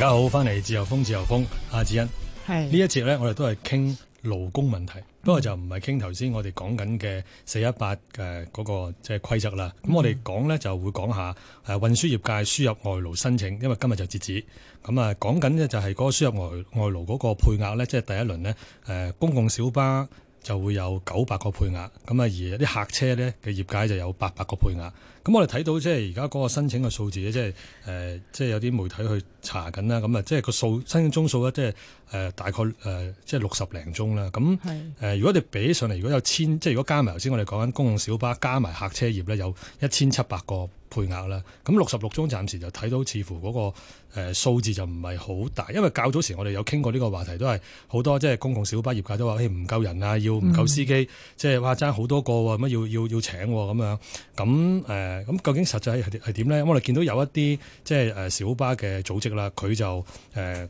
大家好，翻嚟自由風，自由風，阿子欣。係呢一節咧，我哋都係傾勞工問題，嗯、不過就唔係傾頭先我哋講緊嘅四一八嘅嗰個即係規則啦。咁、嗯、我哋講咧就會講下誒運輸業界輸入外勞申請，因為今日就截止。咁啊講緊咧就係嗰個輸入外外勞嗰個配額咧，即係第一輪呢，誒、呃、公共小巴。就會有九百個配額，咁啊而啲客車咧嘅業界就有八百個配額，咁我哋睇到即係而家嗰個申請嘅數字咧，即係、呃、即係有啲媒體去查緊啦，咁啊即係個數申請宗數咧、就是呃呃，即係大概即係六十零宗啦，咁、呃、如果你比起上嚟，如果有千，即係如果加埋頭先我哋講緊公共小巴加埋客車業咧，有一千七百個。配額啦，咁六十六宗暫時就睇到似乎嗰個誒數字就唔係好大，因為較早時我哋有傾過呢個話題，都係好多即係公共小巴業界都話：嘿唔夠人啊，要唔夠司機，即係話爭好多個喎，乜要要要請咁樣。咁咁、呃、究竟實際係係點咧？我哋見到有一啲即係呃小巴嘅組織啦，佢就、呃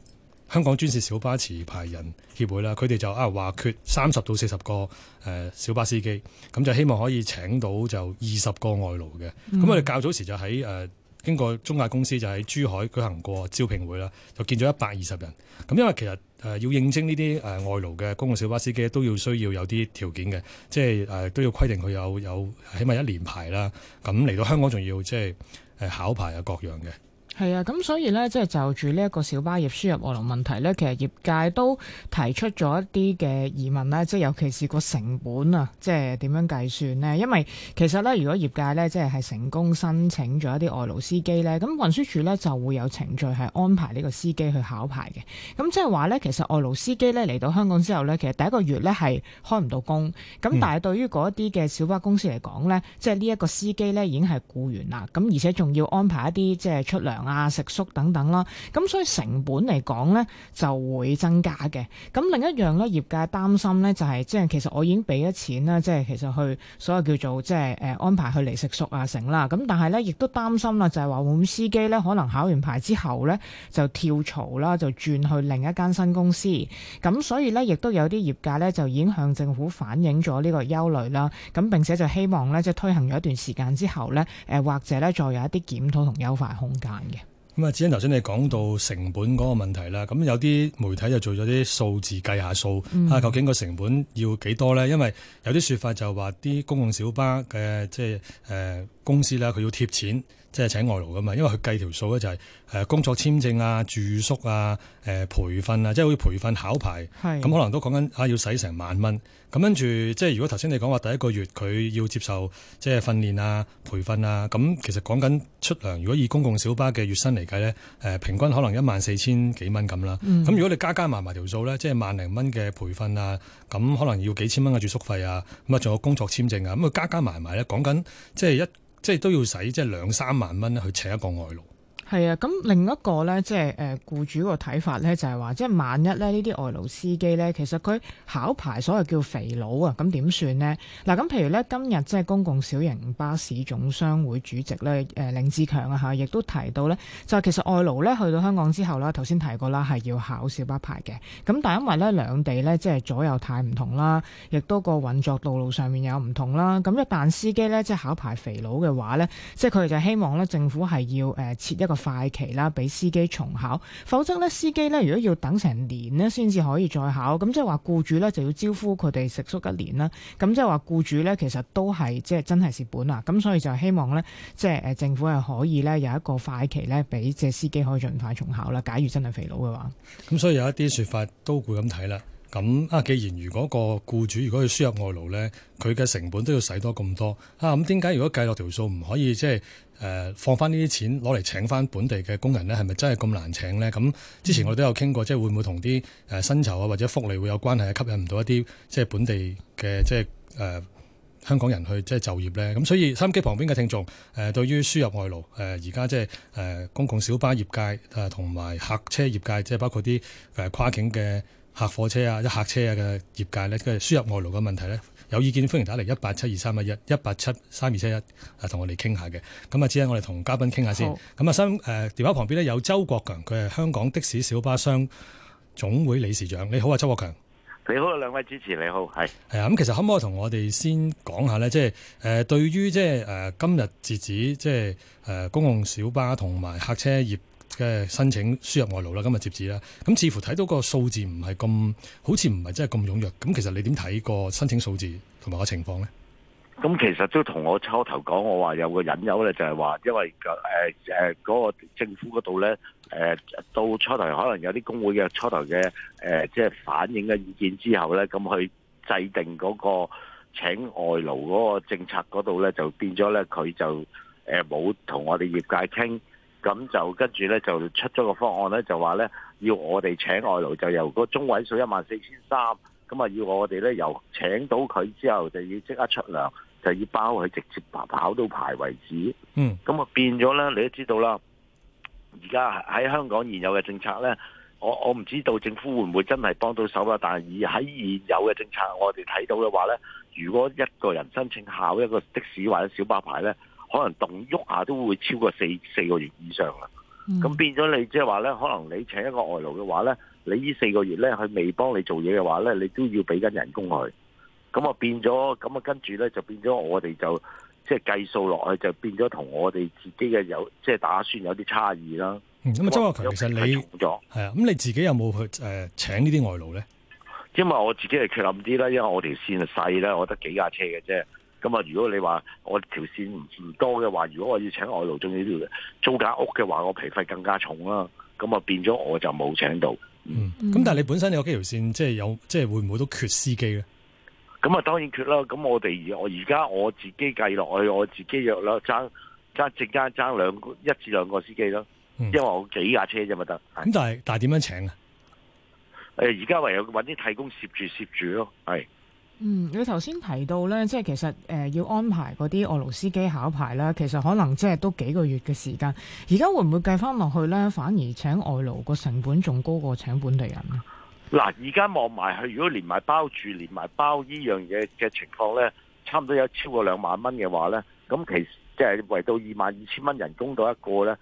香港專線小巴持牌人協會啦，佢哋就啊話缺三十到四十個誒小巴司機，咁就希望可以請到就二十個外勞嘅。咁我哋較早時就喺誒經過中介公司就喺珠海舉行過招聘會啦，就見咗一百二十人。咁因為其實誒要應徵呢啲誒外勞嘅公共小巴司機都要需要有啲條件嘅，即係誒都要規定佢有有起碼一年牌啦。咁嚟到香港仲要即係誒考牌啊各樣嘅。係啊，咁所以咧，即係就住呢一個小巴業輸入外勞問題咧，其實業界都提出咗一啲嘅疑問啦，即係尤其是個成本啊，即係點樣計算呢？因為其實咧，如果業界咧，即係係成功申請咗一啲外勞司機咧，咁運輸署咧就會有程序係安排呢個司機去考牌嘅。咁即係話咧，其實外勞司機咧嚟到香港之後咧，其實第一個月咧係開唔到工，咁、嗯、但係對於嗰一啲嘅小巴公司嚟講咧，即係呢一個司機咧已經係僱員啦，咁而且仲要安排一啲即係出糧。啊食宿等等啦，咁所以成本嚟講咧就會增加嘅。咁另一樣咧，業界擔心咧就係、是、即係其實我已經俾咗錢啦，即係其實去所謂叫做即係誒、呃、安排去嚟食宿啊成啦。咁但係咧亦都擔心啦，就係話，會唔會司機咧可能考完牌之後咧就跳槽啦，就轉去另一間新公司。咁所以咧亦都有啲業界咧就已經向政府反映咗呢個憂慮啦。咁並且就希望咧即係推行咗一段時間之後咧誒、呃、或者咧再有一啲檢討同優化空間嘅。咁啊，至於頭先你講到成本嗰個問題啦，咁有啲媒體就做咗啲數字計下數，啊，究竟個成本要幾多咧？因為有啲說法就話啲公共小巴嘅即係誒公司啦，佢要貼錢。即、就、係、是、請外勞㗎嘛，因為佢計條數咧就係工作簽證啊、住宿啊、誒、呃、培訓啊，即係好似培訓考牌，咁可能都講緊啊要使成萬蚊。咁跟住即係如果頭先你講話第一個月佢要接受即係訓練啊、培訓啊，咁其實講緊出糧，如果以公共小巴嘅月薪嚟計咧，平均可能一萬四千幾蚊咁啦。咁、嗯、如果你加加埋埋條數咧，即係萬零蚊嘅培訓啊，咁可能要幾千蚊嘅住宿費啊，咁啊仲有工作簽證啊，咁啊加加埋埋咧講緊即係一。即係都要使，即係兩三萬蚊咧，去請一個外勞。係啊，咁另一個咧，即係誒僱主個睇法咧，就係話，即係萬一咧，呢啲外勞司機咧，其實佢考牌所謂叫肥佬啊，咁點算呢？嗱，咁譬如咧，今日即係公共小型巴士總商會主席咧，誒凌志強啊嚇，亦都提到咧，就係其實外勞咧去到香港之後啦，頭先提過啦，係要考小巴牌嘅。咁但係因為咧兩地咧即係左右太唔同啦，亦都個運作道路上面有唔同啦。咁一旦司機咧即係考牌肥佬嘅話咧，即係佢哋就希望咧政府係要誒設一個。快期啦，俾司機重考，否則呢，司機呢，如果要等成年呢，先至可以再考，咁即係話僱主呢就要招呼佢哋食宿一年啦，咁即係話僱主呢其實都係即係真係蝕本啦，咁所以就希望呢，即係政府係可以呢，有一個快期呢，俾只司機可以盡快重考啦，假如真係肥佬嘅話，咁所以有一啲説法都會咁睇啦。咁啊！既然如果個僱主如果要輸入外勞呢，佢嘅成本都要使多咁多啊。咁點解如果計落條數唔可以即係、就是呃、放翻呢啲錢攞嚟請翻本地嘅工人呢？係咪真係咁難請呢？咁之前我都有傾過，即係會唔會同啲誒薪酬啊或者福利會有關係，吸引唔到一啲即係本地嘅即係、呃、香港人去即係就業呢？咁所以收音機旁邊嘅聽眾誒，對、呃、於輸入外勞，而家即係公共小巴業界同埋、呃、客車業界，即係包括啲、呃、跨境嘅。客貨車啊、一客車啊嘅業界呢，即係嘅輸入外勞嘅問題呢，有意見歡迎打嚟、啊、一八七二三一一、一八七三二七一，啊，同我哋傾下嘅。咁啊，只先我哋同嘉賓傾下先。咁啊，新誒電話旁邊呢，有周國強，佢係香港的士小巴商總會理事長。你好啊，周國強。你好啊，兩位主持，你好。係。係啊，咁其實可唔可以同我哋先講下呢？即係誒，對於即係誒今日截止，即係誒公共小巴同埋客車業嘅申請輸入外勞啦，今日截止啦，咁似乎睇到個數字唔係咁，好似唔係真係咁踴躍。咁其實你點睇個申請數字同埋個情況咧？咁其實都同我初頭講，我話有個隱憂咧，就係話因為誒誒嗰個政府嗰度咧，誒、呃、到初頭可能有啲工會嘅初頭嘅誒，即係反映嘅意見之後咧，咁去制定嗰個請外勞嗰個政策嗰度咧，就變咗咧，佢就誒冇同我哋業界傾。咁就跟住呢，就出咗個方案呢，就話呢要我哋請外勞，就由個中位數一萬四千三，咁啊要我哋呢，由請到佢之後，就要即刻出糧，就要包佢直接跑，跑到牌為止。嗯，咁啊變咗呢，你都知道啦。而家喺香港現有嘅政策呢，我我唔知道政府會唔會真係幫到手啦。但係以喺現有嘅政策，我哋睇到嘅話呢，如果一個人申請考一個的士或者小巴牌呢。可能動喐下都會超過四四個月以上啦，咁、嗯、變咗你即係話咧，可能你請一個外勞嘅話咧，你呢四個月咧佢未幫你做嘢嘅話咧，你都要俾緊人工佢，咁啊變咗，咁啊跟住咧就變咗我哋就即係計數落去就變咗同我哋、就是、自己嘅有即係、就是、打算有啲差異啦。咁、嗯、啊，周國強，其實你係啊，咁你自己有冇去誒、呃、請這些外勞呢啲外勞咧？因為我自己係缺諗啲啦，因為我條綫係細啦，我得幾架車嘅啫。咁啊！如果你話我條線唔多嘅話，如果我要請外勞仲呢條租間屋嘅話，我皮費更加重啦。咁啊，那變咗我就冇請到。嗯，咁、嗯、但係你本身有幾條線，即係有，即係會唔會都缺司機咧？咁啊，當然缺啦。咁我哋而我而家我自己計落去，我自己約啦，爭爭正間爭兩一至兩個司機咯、嗯。因為我幾架車啫，咪、嗯、得。咁但係但係點樣請啊？誒，而家唯有搵啲替工攝住攝住咯，係。嗯，你頭先提到咧，即係其實誒、呃、要安排嗰啲外勞司機考牌呢，其實可能即係都幾個月嘅時間。而家會唔會計翻落去咧？反而請外勞個成本仲高過請本地人啊？嗱，而家望埋去如果連埋包住，連埋包呢樣嘢嘅情況咧，差唔多有超過兩萬蚊嘅話咧，咁其實即係圍到二萬二千蚊人工到一個咧，誒、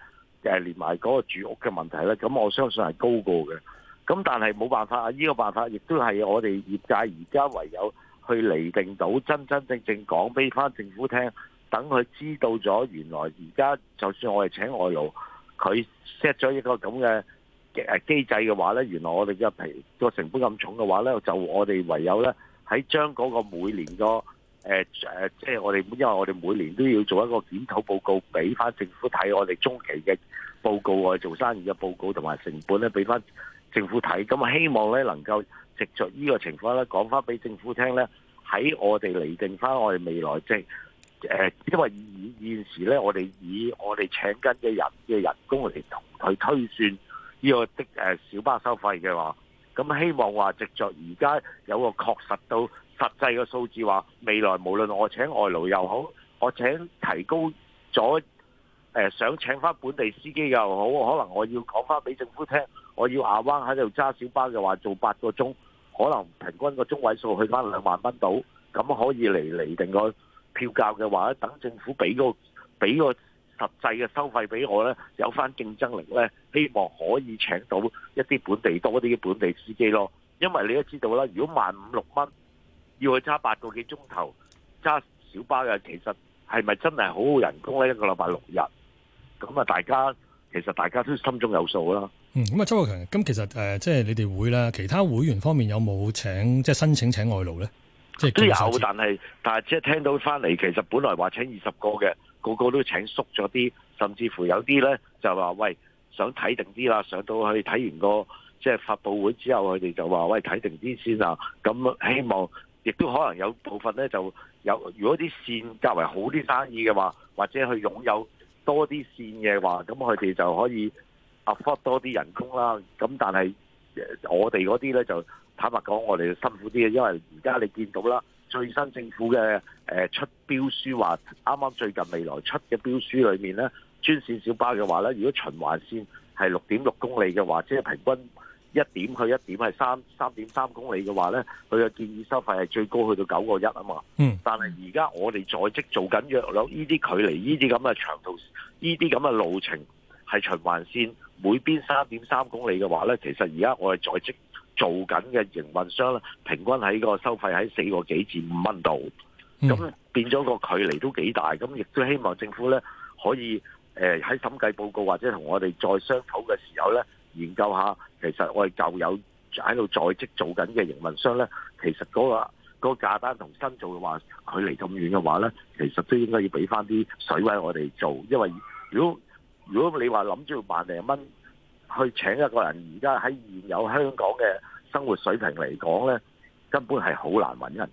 就係、連埋嗰個住屋嘅問題咧，咁我相信係高過嘅。咁但係冇辦法，呢、呢個辦法亦都係我哋業界而家唯有。去釐定到真真正正講俾翻政府聽，等佢知道咗原來而家就算我哋請外勞，佢 set 咗一個咁嘅誒機制嘅話咧，原來我哋嘅皮個成本咁重嘅話咧，就我哋唯有咧喺將嗰個每年個誒誒，即係我哋因為我哋每年都要做一個檢討報告俾翻政府睇，我哋中期嘅報告啊，我哋做生意嘅報告同埋成本咧，俾翻政府睇，咁啊希望咧能夠。直着呢個情況咧，講翻俾政府聽咧，喺我哋嚟定翻我哋未來即係因為現現時咧，我哋以我哋請緊嘅人嘅人工嚟同佢推算呢個的小巴收費嘅話，咁希望話直着而家有個確實到實際嘅數字話，未來無論我請外勞又好，我請提高咗想請翻本地司機又好，可能我要講翻俾政府聽，我要亞灣喺度揸小巴嘅話做八個鐘。可能平均個中位數去翻兩萬蚊度，咁可以嚟嚟定個票價嘅話咧，等政府俾個俾個實際嘅收費俾我咧，有翻競爭力咧，希望可以請到一啲本地多啲嘅本地司機咯。因為你都知道啦，如果萬五六蚊要去揸八個幾鐘頭揸小巴嘅，其實係咪真係好好人工咧？一個禮拜六日，咁啊，大家其實大家都心中有數啦。咁、嗯、啊，周國強，咁其實、呃、即係你哋會啦其他會員方面有冇請，即係申請請外勞咧？即係都有，但係，但係即係聽到翻嚟，其實本來話請二十個嘅，個個都請縮咗啲，甚至乎有啲咧就話喂，想睇定啲啦。上到去睇完個即係發佈會之後，佢哋就話喂，睇定啲先啊。咁希望，亦都可能有部分咧就有，如果啲線較為好啲生意嘅話，或者去擁有多啲線嘅話，咁佢哋就可以。a f 多啲人工啦，咁但係我哋嗰啲咧就坦白講，我哋辛苦啲嘅，因為而家你見到啦，最新政府嘅誒出標書話，啱啱最近未來出嘅標書裏面咧，專線小巴嘅話咧，如果循環線係六點六公里嘅話，即、就、係、是、平均一點去一點係三三點三公里嘅話咧，佢嘅建議收費係最高去到九個一啊嘛。嗯。但係而家我哋在職做緊約有呢啲距離，呢啲咁嘅長途，呢啲咁嘅路程係循環線。每邊三點三公里嘅話呢，其實而家我哋在職做緊嘅營運商咧，平均喺個收費喺四個幾至五蚊度，咁變咗個距離都幾大，咁亦都希望政府呢，可以誒喺審計報告或者同我哋再商討嘅時候呢，研究下其實我哋舊有喺度在職做緊嘅營運商呢，其實嗰個嗰個價單同新做嘅話距離咁遠嘅話呢，其實都應該要畀翻啲水位我哋做，因為如果如果你話諗住萬零蚊去請一個人，而家喺現有香港嘅生活水平嚟講呢，根本係好難揾人。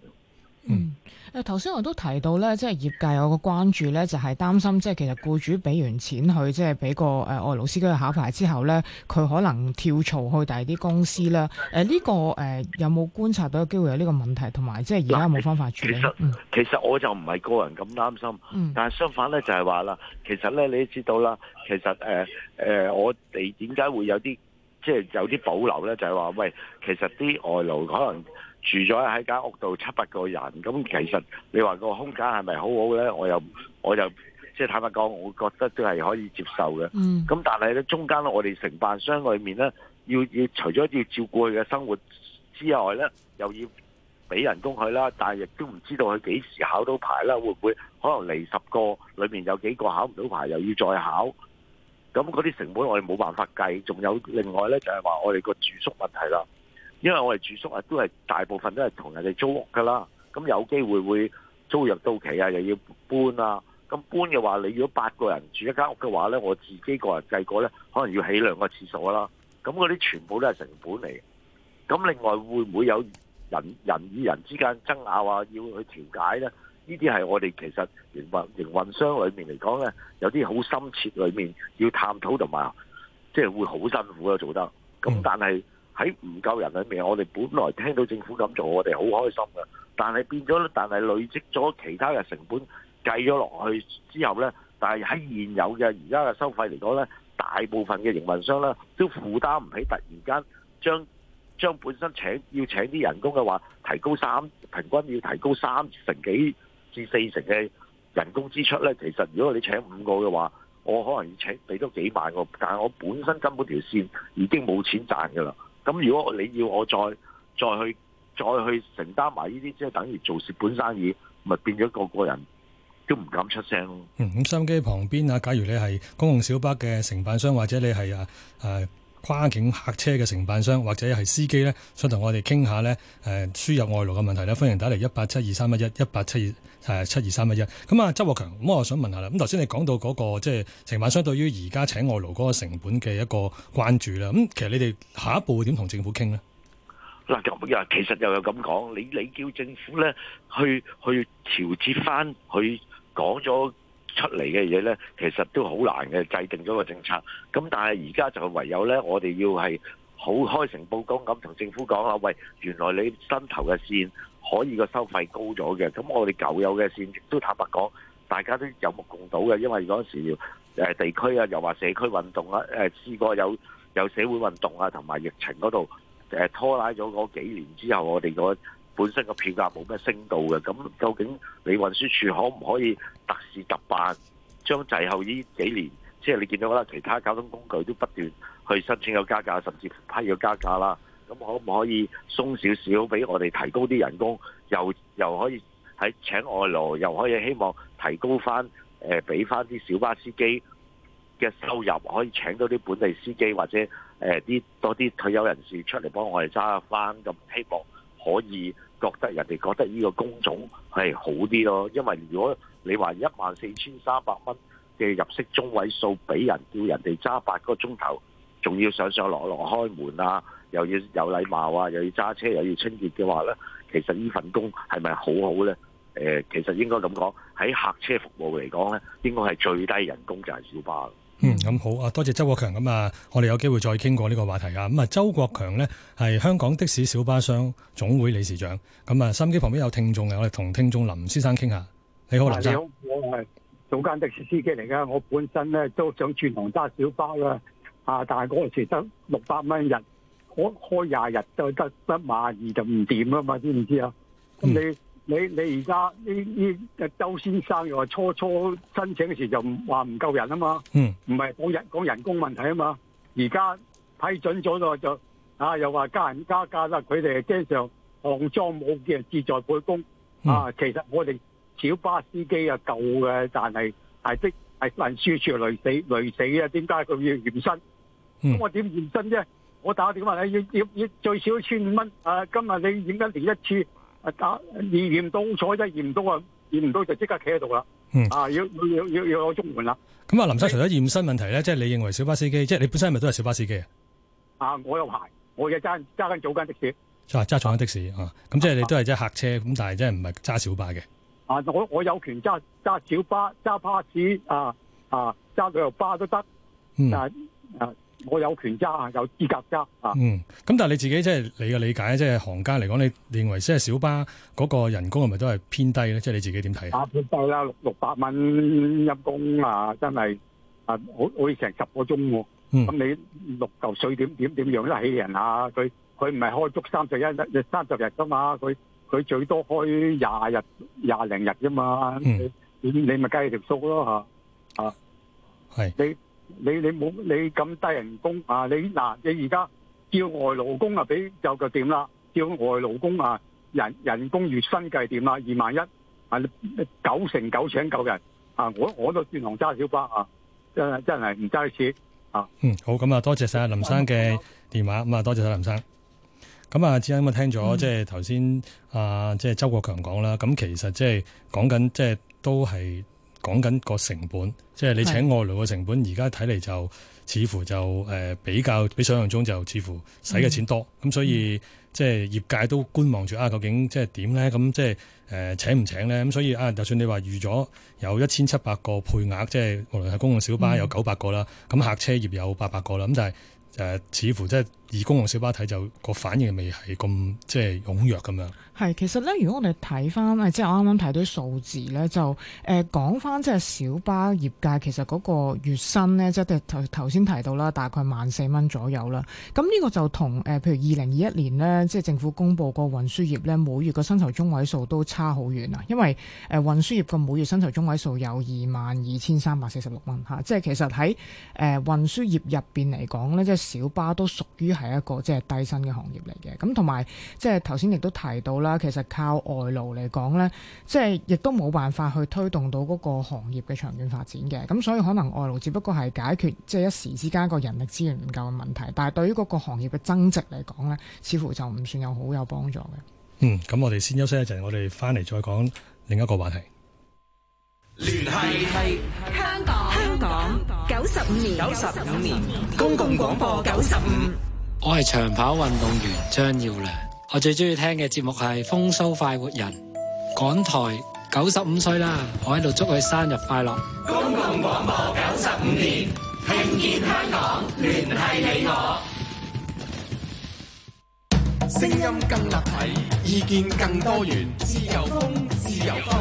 誒頭先我都提到咧，即係業界有個關注咧，就係擔心即係其實僱主俾完錢去，即係俾個、呃、外勞司機去考牌之後咧，佢可能跳槽去第二啲公司啦。誒、呃、呢、這個誒、呃、有冇觀察到機會有呢個問題，同埋即係而家有冇方法處理其、嗯？其實我就唔係個人咁擔心，嗯、但係相反咧就係話啦，其實咧你都知道啦，其實、呃呃、我哋點解會有啲即係有啲保留咧，就係、是、話喂，其實啲外勞可能。住咗喺間屋度七八個人，咁其實你話個空間係咪好好呢？我又我又即係坦白講，我覺得都係可以接受嘅。咁、mm. 但係呢，中間我哋承辦商裏面呢，要要除咗要照顧佢嘅生活之外呢，又要俾人工佢啦。但係亦都唔知道佢幾時考到牌啦，會唔會可能嚟十個裏面有幾個考唔到牌，又要再考。咁嗰啲成本我哋冇辦法計，仲有另外呢，就係、是、話我哋個住宿問題啦。因為我哋住宿啊，都係大部分都係同人哋租屋㗎啦，咁有機會會租約到期啊，又要搬啊，咁搬嘅話，你如果八個人住一間屋嘅話咧，我自己個人計過咧，可能要起兩個廁所啦，咁嗰啲全部都係成本嚟。咁另外會唔會有人人與人之間爭拗啊，要去調解咧？呢啲係我哋其實營運營運商裏面嚟講咧，有啲好深切裏面要探討同埋，即係會好辛苦啊，做得。咁但係。喺唔夠人裏面，我哋本來聽到政府咁做，我哋好開心㗎。但係變咗，但係累積咗其他嘅成本計咗落去之後呢，但係喺現有嘅而家嘅收費嚟講呢，大部分嘅營運商呢都負擔唔起。突然間將將本身請要請啲人工嘅話，提高三平均要提高三成幾至四成嘅人工支出呢。其實如果你請五個嘅話，我可能要請俾多幾萬個，但我本身根本條線已經冇錢賺㗎啦。咁如果你要我再再去再去承擔埋呢啲，即係等於做蝕本生意，咪變咗個個人都唔敢出聲咯。嗯，咁收音機旁邊啊，假如你係公共小巴嘅承辦商，或者你係啊誒跨境客車嘅承辦商或者係司機咧，想同我哋傾下咧，誒、呃、輸入外勞嘅問題咧，歡迎打嚟一八七二三一一一八七二誒七二三一一。咁啊，周國強，咁我想問下啦，咁頭先你講到嗰、那個即係、就是、承辦商對於而家請外勞嗰個成本嘅一個關注啦，咁其實你哋下一步會點同政府傾咧？嗱，又其實又有咁講，你你叫政府咧去去調節翻，去講咗。出嚟嘅嘢呢，其實都好難嘅制定咗個政策。咁但係而家就唯有呢，我哋要係好開誠佈公咁同政府講啊，喂，原來你新投嘅線可以個收費高咗嘅。咁我哋舊有嘅線亦都坦白講，大家都有目共睹嘅。因為嗰時要地區啊，又話社區運動啊，誒試過有有社會運動啊，同埋疫情嗰度拖拉咗嗰幾年之後，我哋嗰，本身個票價冇咩升到嘅，咁究竟你運輸署可唔可以特事特辦，將滯後呢幾年，即係你見到啦，其他交通工具都不斷去申請有加價，甚至批咗加價啦。咁可唔可以鬆少少，俾我哋提高啲人工，又又可以喺請外勞，又可以希望提高翻，誒俾翻啲小巴司機嘅收入，可以請多啲本地司機或者誒啲多啲退休人士出嚟幫我哋揸翻，咁希望。可以覺得人哋覺得呢個工種係好啲咯，因為如果你話一萬四千三百蚊嘅入息中位數，俾人叫人哋揸八個鐘頭，仲要上上落落開門啊，又要有禮貌啊，又要揸車，又要清潔嘅話呢，其實呢份工係咪好好呢？誒，其實應該咁講，喺客車服務嚟講呢，應該係最低人工就係小巴。嗯，咁好啊，多謝周國強咁啊，我哋有機會再傾過呢個話題啊。咁啊，周國強咧係香港的士小巴商總會理事長。咁啊，收音機旁邊有聽眾嘅，我哋同聽眾林先生傾下。你好，林先生。你好，我係早間的士司機嚟噶，我本身咧都想轉行揸小巴喇，啊，但係嗰時得六百蚊一日，開開廿日就得一萬二就唔掂噶嘛，知唔知啊？咁、嗯、你？你你而家呢呢周先生又話初初申請嘅時候就唔話唔夠人啊嘛，嗯，唔係講人講人工問題啊嘛，而家批准咗咗就啊又話加人加價啦，佢哋係真常行裝冇嘅志在補工，啊、嗯，其實我哋小巴司機啊夠嘅，但係係即係能輸出累死累死啊點解佢要驗身？咁、嗯、我點驗身啫？我打電話你要要最少千五蚊啊，今日你點解連一次。啊！打驗唔到，坐真係驗到，驗到、嗯、啊！驗唔到就即刻企喺度啦。啊要要要要開中門啦。咁啊，林生，除咗驗身問題咧，即係你認為小巴司機，即係你本身係咪都係小巴司機啊？啊，我有牌，我嘅揸揸緊早間的士。錯、啊，揸早間的士啊。咁、嗯啊、即係你都係即係客車，咁但係真係唔係揸小巴嘅。啊，我我有權揸揸小巴、揸巴士啊啊，揸旅遊巴都得。嗯。我有權揸，有資格揸啊！嗯，咁但係你自己即係你嘅理解，即係行家嚟講，你認為即係小巴嗰個人工係咪都係偏低咧？即係你自己點睇？啊，偏低啦，六六百蚊一工啊，真係啊，可可以成十個鐘喎。咁、嗯、你六嚿水點點點養得起人啊？佢佢唔係開足三十一日三十日㗎嘛？佢佢最多開廿日廿零日㗎嘛、嗯？你你咪計條數咯嚇係你。你你冇你咁低人工啊！你嗱、啊、你而家叫外勞工啊，俾就就點啦？叫外勞工啊，人人工月薪計點啦？二萬一啊，你九成九請九人啊！我我都轉行揸小巴啊，真真係唔揸得切啊！嗯，好咁啊、嗯，多謝晒林生嘅電話咁啊，多謝晒林生。咁啊，之間我聽咗、嗯、即係頭先啊，即係周國強講啦。咁其實即係講緊即係都係。講緊個成本，即係你請外勞嘅成本，而家睇嚟，就似乎就誒比較比想象中就似乎使嘅錢多，咁、嗯、所以、嗯、即係業界都觀望住啊，究竟即係點咧？咁即係誒、呃、請唔請咧？咁所以啊，就算你話預咗有一千七百個配額，即係無論係公共小巴有九百個啦，咁、嗯啊、客車業有八百個啦，咁但係誒似乎即係以公共小巴睇就個反應未係咁即係踴躍咁樣。係，其實咧，如果我哋睇翻，即係我啱啱睇啲數字咧，就誒講翻即係小巴業界其實嗰個月薪咧，即係頭頭先提到啦，大概萬四蚊左右啦。咁呢個就同誒，譬如二零二一年呢，即係政府公布個運輸業咧，每月個薪酬中位數都差好遠啊。因為誒運輸業個每月薪酬中位數有二萬二千三百四十六蚊嚇，即係其實喺誒運輸業入面嚟講咧，即係小巴都屬於係一個即係低薪嘅行業嚟嘅。咁同埋即係頭先亦都提到。啦，其實靠外勞嚟講呢，即係亦都冇辦法去推動到嗰個行業嘅長遠發展嘅。咁所以可能外勞只不過係解決即係、就是、一時之間個人力資源唔夠嘅問題，但係對於嗰個行業嘅增值嚟講呢，似乎就唔算有好有幫助嘅。嗯，咁我哋先休息一陣，我哋翻嚟再講另一個話題。聯繫係香港香港九十五年九十五年,年,年,年公共廣播九十五。我係長跑運動員張耀良。我最中意聽嘅節目係《風騷快活人》，港台九十五歲啦，我喺度祝佢生日快樂。公共廣播九十五年，聽見香港，聯繫你我，聲音更立體，意見更多元，自由風，自由風，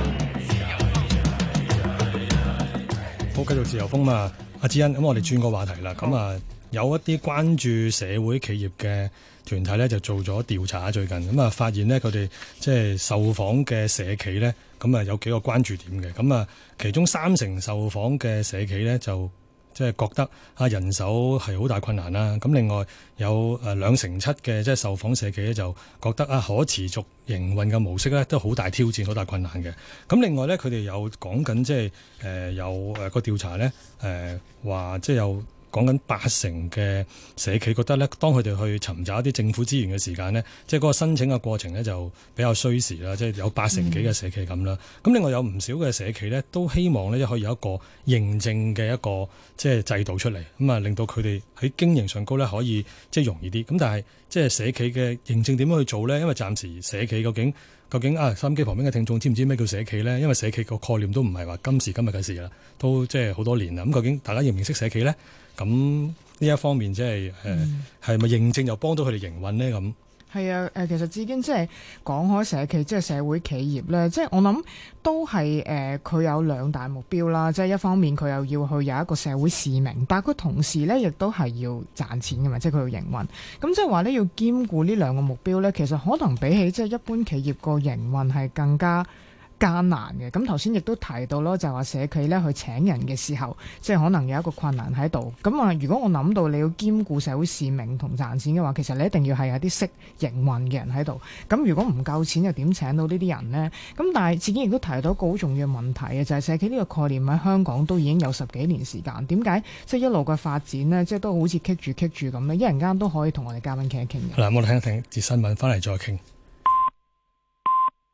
自由風，好繼續自由風嘛？阿志欣，咁我哋轉個話題啦。咁啊，有一啲關注社會企業嘅。團體咧就做咗調查最近，咁啊發現呢，佢哋即係受訪嘅社企呢，咁啊有幾個關注點嘅，咁啊其中三成受訪嘅社企呢，就即係覺得啊人手係好大困難啦，咁另外有誒兩成七嘅即係受訪社企呢，就覺得啊可持續營運嘅模式呢，都好大挑戰，好大困難嘅。咁另外呢，佢、呃、哋有講緊即係誒有誒個調查呢，誒話即係有。講緊八成嘅社企覺得呢，當佢哋去尋找一啲政府資源嘅時間呢，即係嗰個申請嘅過程呢，就比較需時啦，即、就、係、是、有八成幾嘅社企咁啦。咁、嗯、另外有唔少嘅社企呢，都希望呢可以有一個認證嘅一個即係制度出嚟，咁啊令到佢哋喺經營上高呢可以即係容易啲。咁但係即係社企嘅認證點樣去做呢？因為暫時社企究竟。究竟啊，收音機旁邊嘅聽眾知唔知咩叫社企呢？因為社企個概念都唔係話今時今日嘅事啦，都即係好多年啦。咁究竟大家認唔認識社企呢？咁呢一方面即係誒，係、呃、咪、嗯、認證又幫到佢哋營運呢？咁？係啊，誒其實至今即係講開社企，即係社會企業咧，即係我諗都係誒佢有兩大目標啦，即係一方面佢又要去有一個社會使命，但係佢同時咧亦都係要賺錢嘅嘛，即係佢要營運。咁即係話咧要兼顧呢兩個目標咧，其實可能比起即係一般企業個營運係更加艱難嘅，咁頭先亦都提到咯，就係話社企咧去請人嘅時候，即係可能有一個困難喺度。咁啊，如果我諗到你要兼顧社會使命同賺錢嘅話，其實你一定要係有啲識營運嘅人喺度。咁如果唔夠錢，又點請到呢啲人呢？咁但係自己亦都提到一個好重要問題嘅，就係社企呢個概念喺香港都已經有十幾年時間，點解即係一路嘅發展呢，即係都好似棘住棘住咁呢，一陣間都可以同我哋嘉賓傾一傾。嗱，我哋聽一聽節新聞，翻嚟再傾。